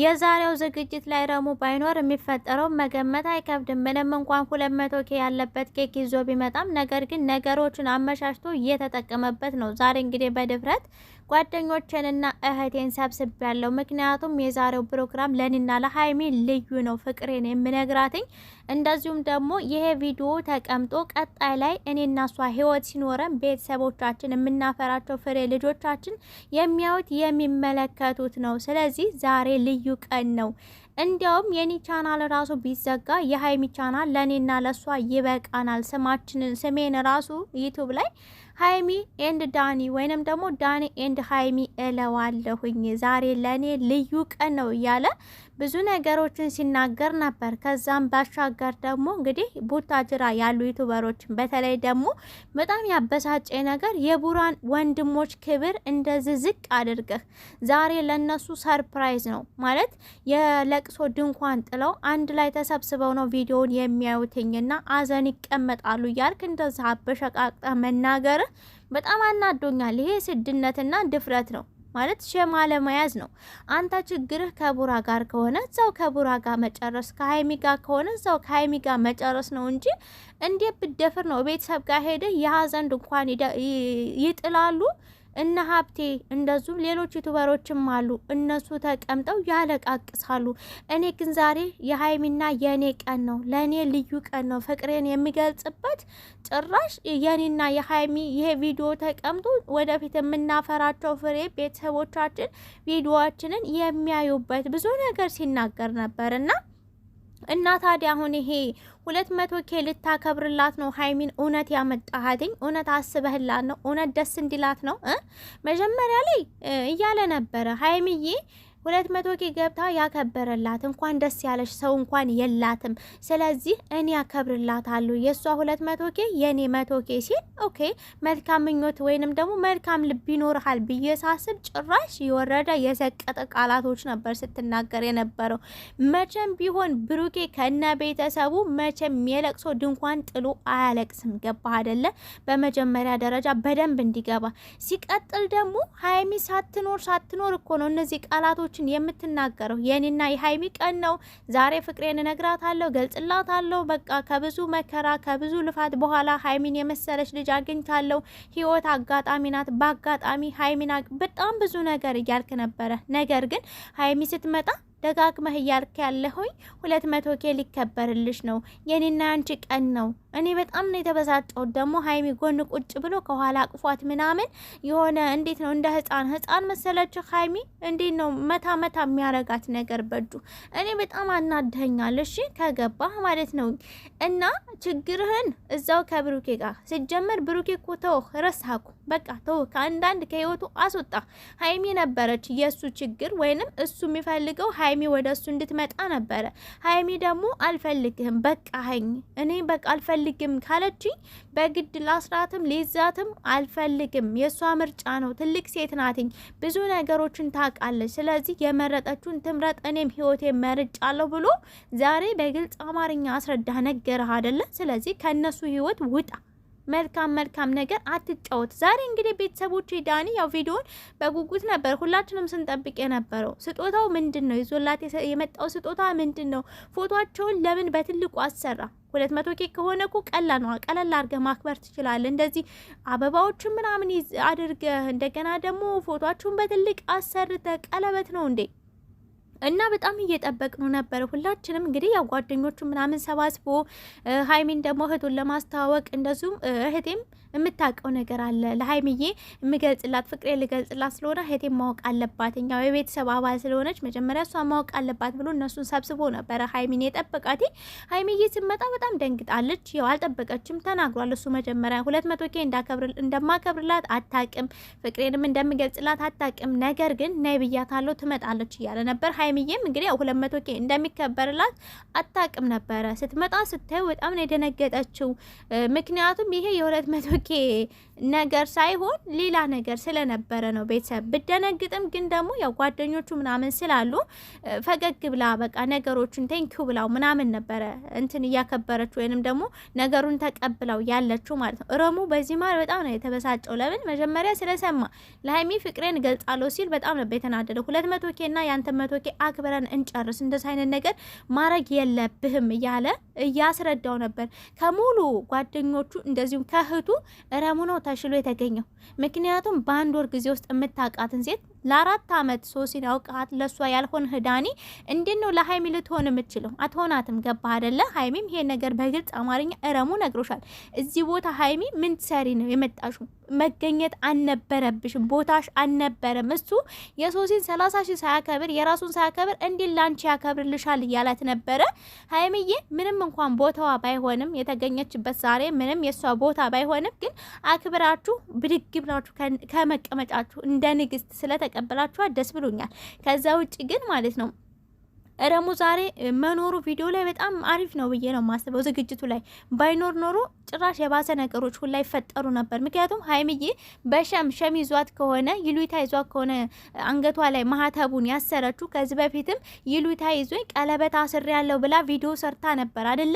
የዛሬው ዝግጅት ላይ ረሙ ባይኖር የሚፈጠረው መገመት አይከብድም። ምንም እንኳን ሁለት መቶ ኬ ያለበት ኬክ ይዞ ቢመጣም ነገር ግን ነገሮችን አመሻሽቶ እየተጠቀመበት ነው። ዛሬ እንግዲህ በድፍረት ጓደኞቼንና እህቴን ያለው ምክንያቱም የዛሬው ፕሮግራም ለኔና ለሀይሜ ልዩ ነው፣ ፍቅሬን የምነግራትኝ። እንደዚሁም ደግሞ ይሄ ቪዲዮ ተቀምጦ ቀጣይ ላይ እኔና እሷ ህይወት ሲኖረን ቤተሰቦቻችን የምናፈራቸው ፍሬ ልጆቻችን የሚያዩት የሚመለከቱት ነው። ስለዚህ ዛሬ ልዩ ቀን ነው። እንዲያውም የኔ ቻናል ራሱ ቢዘጋ የሀይሚ ቻናል ለእኔና ለእሷ ይበቃናል። ስማችንን ስሜን ራሱ ዩቱብ ላይ ሀይሚ ኤንድ ዳኒ ወይንም ደግሞ ዳኒ ኤንድ ሀይሚ እለዋለሁኝ። ዛሬ ለእኔ ልዩ ቀን ነው እያለ ብዙ ነገሮችን ሲናገር ነበር። ከዛም ባሻገር ደግሞ እንግዲህ ቡታጅራ ያሉ ዩቱበሮችን በተለይ ደግሞ በጣም ያበሳጨ ነገር የቡራን ወንድሞች ክብር እንደዚህ ዝቅ አድርገህ ዛሬ ለነሱ ሰርፕራይዝ ነው ማለት የለቅሶ ድንኳን ጥለው አንድ ላይ ተሰብስበው ነው ቪዲዮውን የሚያዩትኝና አዘን ይቀመጣሉ እያልክ እንደዛ አበሸቃቅጠ መናገር በጣም አናዶኛል። ይሄ ስድነትና ድፍረት ነው። ማለት ሸማ ለመያዝ ነው። አንተ ችግርህ ከቡራ ጋር ከሆነ እዛው ከቡራ ጋር መጨረስ፣ ከሀይሚ ጋር ከሆነ እዛው ከሀይሚ ጋር መጨረስ ነው እንጂ እንዴት ብደፍር ነው ቤተሰብ ጋር ሄደ የሀዘንድ እንኳን ይጥላሉ እነ ሀብቴ እንደዚሁም ሌሎች ዩቱበሮችም አሉ። እነሱ ተቀምጠው ያለቃቅሳሉ። እኔ ግን ዛሬ የሀይሚና የእኔ ቀን ነው፣ ለእኔ ልዩ ቀን ነው፣ ፍቅሬን የሚገልጽበት ጭራሽ የእኔና የሀይሚ ይሄ ቪዲዮ ተቀምጦ ወደፊት የምናፈራቸው ፍሬ ቤተሰቦቻችን ቪዲዮችንን የሚያዩበት ብዙ ነገር ሲናገር ነበር እና እና ታዲያ አሁን ይሄ ሁለት መቶ ኬ ልታከብርላት ነው ሀይሚን እውነት ያመጣሃትኝ እውነት አስበህላት ነው እውነት ደስ እንዲላት ነው መጀመሪያ ላይ እያለ ነበረ ሀይሚዬ ሁለት መቶ ኬ ገብታ ያከበረላት እንኳን ደስ ያለሽ ሰው እንኳን የላትም። ስለዚህ እኔ ያከብርላታለሁ የእሷ ሁለት መቶ ኬ የእኔ መቶ ኬ ሲል ኦኬ መልካም ምኞት ወይንም ደግሞ መልካም ልብ ይኖርሃል ብዬ ሳስብ ጭራሽ የወረደ የሰቀጠ ቃላቶች ነበር ስትናገር የነበረው። መቼም ቢሆን ብሩኬ ከነ ቤተሰቡ መቼም የለቅሶ ድንኳን ጥሎ አያለቅስም። ገባ አይደለ? በመጀመሪያ ደረጃ በደንብ እንዲገባ ሲቀጥል ደግሞ ሀይሚ ሳትኖር ሳትኖር እኮ ነው እነዚህ ቃላቶች ነገሮችን የምትናገረው የኔና የሀይሚ ቀን ነው ዛሬ። ፍቅሬን እነግራታለሁ፣ ገልጽላታለሁ። በቃ ከብዙ መከራ ከብዙ ልፋት በኋላ ሀይሚን የመሰለች ልጅ አግኝታለው ህይወት አጋጣሚ ናት። በአጋጣሚ ሀይሚና በጣም ብዙ ነገር እያልክ ነበረ። ነገር ግን ሀይሚ ስትመጣ ደጋግመህ እያልክ ያለሁኝ ሁለት መቶ ኬ ሊከበርልሽ ነው የኔና አንቺ ቀን ነው እኔ በጣም ነው የተበሳጨሁት። ደግሞ ሀይሚ ጎን ቁጭ ብሎ ከኋላ አቅፏት ምናምን የሆነ እንዴት ነው እንደ ህፃን ህፃን መሰለች ሀይሚ። እንዴት ነው መታ መታ የሚያረጋት ነገር በእጁ እኔ በጣም አናደኛል። እሺ ከገባህ ማለት ነው እና ችግርህን እዛው ከብሩኬ ጋር ሲጀመር ብሩኬ እኮ ተው ረሳኩ በቃ ተው ከአንዳንድ ከህይወቱ አስወጣ። ሀይሚ ነበረች የእሱ ችግር ወይንም እሱ የሚፈልገው ሀይሚ ወደ እሱ እንድትመጣ ነበረ። ሀይሚ ደግሞ አልፈልግህም በቃ ሀይሚ እኔ በቃ አልፈልግ አልፈልግም ካለችኝ በግድ ላስራትም ሊዛትም አልፈልግም። የእሷ ምርጫ ነው። ትልቅ ሴት ናትኝ፣ ብዙ ነገሮችን ታውቃለች። ስለዚህ የመረጠችውን ትምረጥ፣ እኔም ህይወቴ መርጫለሁ ብሎ ዛሬ በግልጽ አማርኛ አስረዳ ነገረ አይደለም። ስለዚህ ከእነሱ ህይወት ውጣ። መልካም መልካም ነገር አትጫወት። ዛሬ እንግዲህ ቤተሰቦች ዳኒ ያው ቪዲዮን በጉጉት ነበር ሁላችንም ስንጠብቅ የነበረው። ስጦታው ምንድን ነው? ይዞላት የመጣው ስጦታ ምንድን ነው? ፎቶቸውን ለምን በትልቁ አሰራ? ሁለት መቶ ኬክ ከሆነ እኮ ቀላል ነው። ቀለል አድርገህ ማክበር ትችላለ እንደዚህ አበባዎችን ምናምን አድርገህ እንደገና ደግሞ ፎቶችሁን በትልቅ አሰርተ ቀለበት ነው እንዴ እና በጣም እየጠበቅ ነው ነበር። ሁላችንም እንግዲህ ያው ጓደኞቹ ምናምን ሰባስቦ ሀይሚን ደግሞ እህቱን ለማስተዋወቅ እንደዚሁም እህቴም የምታውቀው ነገር አለ ለሀይሚዬ የምገልጽላት ፍቅሬ ልገልጽላት ስለሆነ እህቴም ማወቅ አለባት፣ እኛው የቤተሰብ አባል ስለሆነች መጀመሪያ እሷ ማወቅ አለባት ብሎ እነሱን ሰብስቦ ነበረ ሀይሚን የጠበቃት። ሀይሚዬ ስመጣ በጣም ደንግጣለች። ያው አልጠበቀችም፣ ተናግሯል እሱ መጀመሪያ ሁለት መቶ ኬ እንደማከብርላት አታቅም፣ ፍቅሬንም እንደምገልጽላት አታቅም፣ ነገር ግን ነይ ብያታለሁ ትመጣለች እያለ ነበር ሀይሚዬም እንግዲህ ያው ሁለት መቶ ኬ እንደሚከበርላት አታቅም ነበረ። ስትመጣ ስታዩ በጣም ነው የደነገጠችው። ምክንያቱም ይሄ የሁለት መቶ ኬ ነገር ሳይሆን ሌላ ነገር ስለነበረ ነው። ቤተሰብ ብደነግጥም ግን ደግሞ ያው ጓደኞቹ ምናምን ስላሉ ፈገግ ብላ በቃ ነገሮቹን ቴንኪው ብላው ምናምን ነበረ እንትን እያከበረች ወይንም ደግሞ ነገሩን ተቀብላው ያለችው ማለት ነው። ረሙ በዚህ ማለት በጣም ነው የተበሳጨው። ለምን መጀመሪያ ስለሰማ ለሀይሚ ፍቅሬን ገልጻለሁ ሲል በጣም ነበር የተናደደው። ሁለት መቶ ኬ ና የአንተ መቶ ኬ አክብረን እንጨርስ እንደዚህ አይነት ነገር ማድረግ የለብህም እያለ እያስረዳው ነበር። ከሙሉ ጓደኞቹ እንደዚሁም ከእህቱ ረሙ ነው ተሽሎ የተገኘው። ምክንያቱም በአንድ ወር ጊዜ ውስጥ የምታውቃትን ሴት ለአራት አመት ሶሲን አውቃት ለእሷ ያልሆን ህዳኒ እንዴት ነው ለሀይሚ ልትሆን የምትችለው? አትሆናትም። ገባ አይደለ? ሀይሚም ይሄን ነገር በግልጽ አማርኛ እረሙ ነግሮሻል። እዚህ ቦታ ሀይሚ ምን ትሰሪ ነው የመጣሹ? መገኘት አልነበረብሽም። ቦታሽ አልነበረም። እሱ የሶሲን ሰላሳ ሺህ ሳያከብር የራሱን ሳያከብር እንዴት ላንቺ ያከብርልሻል እያላት ነበረ። ሀይሚዬ ምንም እንኳን ቦታዋ ባይሆንም የተገኘችበት ዛሬ ምንም የእሷ ቦታ ባይሆንም ግን አክብራችሁ ብድግ ብላችሁ ከመቀመጫችሁ እንደ ንግስት ስለተ ተቀብላችኋል፣ ደስ ብሎኛል። ከዛ ውጭ ግን ማለት ነው ረሙ ዛሬ መኖሩ ቪዲዮ ላይ በጣም አሪፍ ነው ብዬ ነው የማስበው። ዝግጅቱ ላይ ባይኖር ኖሮ ጭራሽ የባሰ ነገሮች ሁላ ይፈጠሩ ነበር። ምክንያቱም ሀይምዬ በሸም ሸም ይዟት ከሆነ ይሉታ ይዟት ከሆነ አንገቷ ላይ ማህተቡን ያሰረችው ከዚህ በፊትም ይሉታ ይዞኝ ቀለበት አስር ያለው ብላ ቪዲዮ ሰርታ ነበር አደለ?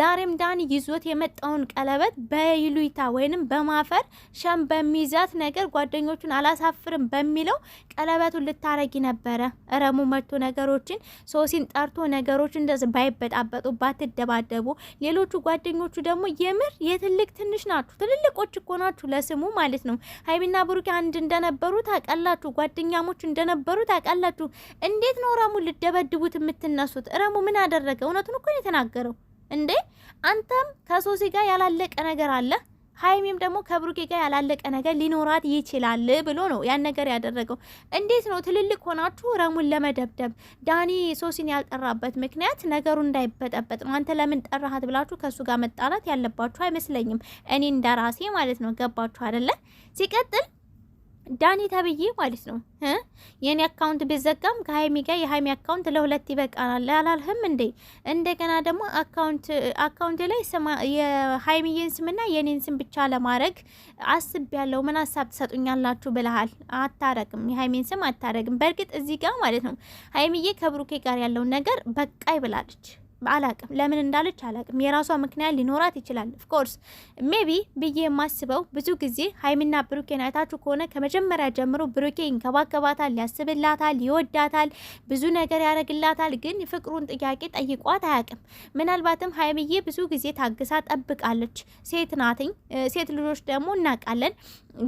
ዛሬም ዳን ይዞት የመጣውን ቀለበት በይሉታ ወይንም በማፈር ሸም በሚይዛት ነገር ጓደኞቹን አላሳፍርም በሚለው ቀለበቱን ልታረጊ ነበረ። ረሙ መጥቶ ነገሮችን ሶሲን ጠርቶ ነገሮች እንደዚህ ባይበጣበጡ ባትደባደቡ። ሌሎቹ ጓደኞቹ ደግሞ የምር የትልቅ ትንሽ ናችሁ፣ ትልልቆች እኮ ናችሁ ለስሙ ማለት ነው። ሀይሚና ብሩኬ አንድ እንደነበሩ ታውቃላችሁ፣ ጓደኛሞች እንደነበሩ ታውቃላችሁ። እንዴት ነው ረሙ ልደበድቡት የምትነሱት? ረሙ ምን አደረገ? እውነቱን እኮ ነው የተናገረው። እንዴ አንተም ከሶሲ ጋር ያላለቀ ነገር አለ ሀይሚም ደግሞ ከብሩኬ ጋር ያላለቀ ነገር ሊኖራት ይችላል ብሎ ነው ያን ነገር ያደረገው። እንዴት ነው ትልልቅ ሆናችሁ ረሙን ለመደብደብ ዳኒ ሶሲን ያልጠራበት ምክንያት ነገሩ እንዳይበጠበጥ ነው። አንተ ለምን ጠራሃት ብላችሁ ከእሱ ጋር መጣላት ያለባችሁ አይመስለኝም። እኔ እንደራሴ ማለት ነው። ገባችሁ አደለ? ሲቀጥል ዳኒ ተብዬ ማለት ነው የኔ አካውንት ቢዘጋም ከሀይሚ ጋር የሀይሚ አካውንት ለሁለት ይበቃናል አላልህም እንዴ? እንደገና ደግሞ አካውንት አካውንት ላይ የሀይሚዬን ስምና የኔን ስም ብቻ ለማድረግ አስብ ያለው ምን ሀሳብ ትሰጡኛላችሁ ብለሃል። አታረግም፣ የሀይሚን ስም አታረግም። በእርግጥ እዚህ ጋር ማለት ነው ሀይሚዬ ከብሩኬ ጋር ያለውን ነገር በቃይ ብላለች። አላቅም ለምን እንዳለች አላቅም። የራሷ ምክንያት ሊኖራት ይችላል። ኦፍኮርስ ሜቢ ብዬ የማስበው ብዙ ጊዜ ሀይሚና ብሩኬን አይታችሁ ከሆነ ከመጀመሪያ ጀምሮ ብሩኬ ይንከባከባታል፣ ሊያስብላታል፣ ይወዳታል፣ ብዙ ነገር ያደርግላታል። ግን ፍቅሩን ጥያቄ ጠይቋት አያቅም። ምናልባትም ሀይምዬ ብዙ ጊዜ ታግሳ ጠብቃለች። ሴት ናትኝ ሴት ልጆች ደግሞ እናውቃለን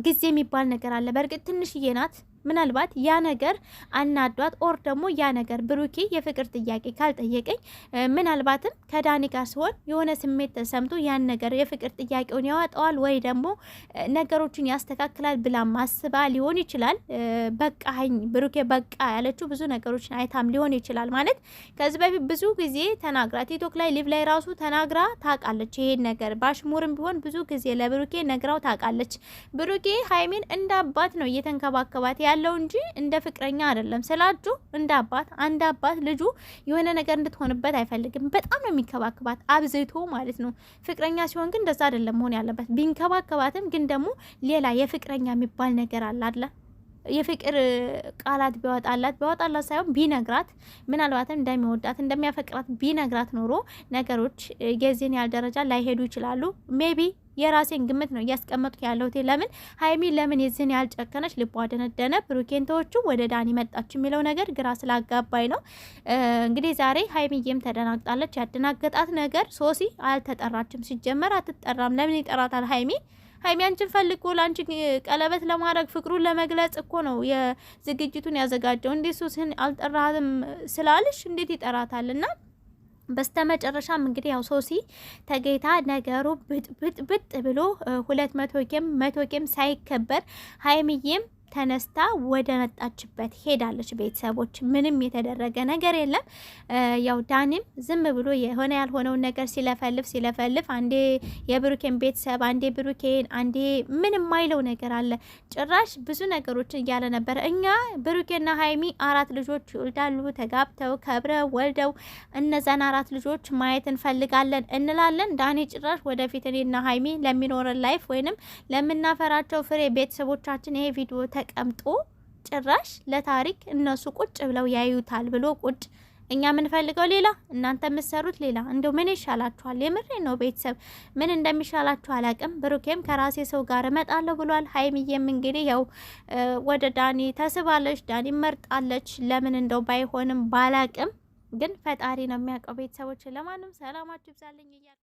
ጊዜ የሚባል ነገር አለ። በእርግጥ ትንሽዬ ናት ምናልባት ያ ነገር አናዷት ኦር ደግሞ ያ ነገር ብሩኬ የፍቅር ጥያቄ ካልጠየቀኝ ምናልባትም ከዳኒ ጋር ሲሆን የሆነ ስሜት ተሰምቶ ያን ነገር የፍቅር ጥያቄውን ያወጣዋል ወይ ደግሞ ነገሮችን ያስተካክላል ብላ ማስባ ሊሆን ይችላል። በቃኝ ብሩኬ በቃ ያለችው ብዙ ነገሮችን አይታም ሊሆን ይችላል። ማለት ከዚህ በፊት ብዙ ጊዜ ተናግራ ቲክቶክ ላይ ሊቭ ላይ ራሱ ተናግራ ታውቃለች። ይሄን ነገር ባሽሙርም ቢሆን ብዙ ጊዜ ለብሩኬ ነግራው ታውቃለች። ብሩኬ ሀይሜን እንደ አባት ነው እየተንከባከባት ያለው እንጂ እንደ ፍቅረኛ አይደለም። ስላችሁ እንደ አባት አንድ አባት ልጁ የሆነ ነገር እንድትሆንበት አይፈልግም። በጣም ነው የሚከባከባት አብዝቶ ማለት ነው። ፍቅረኛ ሲሆን ግን እንደዛ አይደለም መሆን ያለበት። ቢንከባከባትም ግን ደግሞ ሌላ የፍቅረኛ የሚባል ነገር አለ አለ የፍቅር ቃላት ቢያወጣላት ቢያወጣላት ሳይሆን ቢነግራት ምናልባትም እንደሚወዳት እንደሚያፈቅራት ቢነግራት ኖሮ ነገሮች የዚህን ያህል ደረጃ ላይሄዱ ይችላሉ። ሜቢ የራሴን ግምት ነው እያስቀመጡ ያለሁት። ለምን ሀይሚ ለምን የዚህን ያህል ጨከነች? ልቧ ደነደነ፣ ብሩኬንቶቹ ወደ ዳኒ መጣች የሚለው ነገር ግራ ስላጋባይ ነው። እንግዲህ ዛሬ ሀይሚዬም ተደናግጣለች። ያደናገጣት ነገር ሶሲ አልተጠራችም። ሲጀመር አትጠራም። ለምን ይጠራታል ሀይሚ ሀይሚ አንቺን ፈልጎ ለአንቺ ቀለበት ለማድረግ ፍቅሩን ለመግለጽ እኮ ነው የዝግጅቱን ያዘጋጀው። እንዴት ሱስን አልጠራትም ስላልሽ እንዴት ይጠራታል? ና በስተመጨረሻም እንግዲህ ያው ሶሲ ተገይታ ነገሩ ብጥ ብጥ ብሎ ሁለት መቶ ኬም መቶ ኬም ሳይከበር ሀይሚዬም ተነስታ ወደ መጣችበት ሄዳለች። ቤተሰቦች ምንም የተደረገ ነገር የለም። ያው ዳኒም ዝም ብሎ የሆነ ያልሆነውን ነገር ሲለፈልፍ ሲለፈልፍ አንዴ የብሩኬን ቤተሰብ አንዴ ብሩኬን አንዴ ምንም ማይለው ነገር አለ። ጭራሽ ብዙ ነገሮችን እያለ ነበር። እኛ ብሩኬና ሀይሚ አራት ልጆች ይወልዳሉ፣ ተጋብተው ከብረው ወልደው እነዛን አራት ልጆች ማየት እንፈልጋለን እንላለን። ዳኒ ጭራሽ ወደፊት እኔና ሀይሚ ለሚኖረን ላይፍ ወይንም ለምናፈራቸው ፍሬ ቤተሰቦቻችን ይሄ ቪዲዮ ተቀምጦ ጭራሽ ለታሪክ እነሱ ቁጭ ብለው ያዩታል ብሎ ቁጭ እኛ የምንፈልገው ሌላ፣ እናንተ የምትሰሩት ሌላ። እንደው ምን ይሻላችኋል? የምሬ ነው ቤተሰብ፣ ምን እንደሚሻላችሁ አላቅም። ብሩኬም ከራሴ ሰው ጋር እመጣለሁ ብሏል። ሀይሚዬም እንግዲህ ያው ወደ ዳኒ ተስባለች፣ ዳኒ መርጣለች። ለምን እንደው ባይሆንም ባላቅም፣ ግን ፈጣሪ ነው የሚያውቀው። ቤተሰቦች ለማንም ሰላማችሁ ይብዛልኝ እያል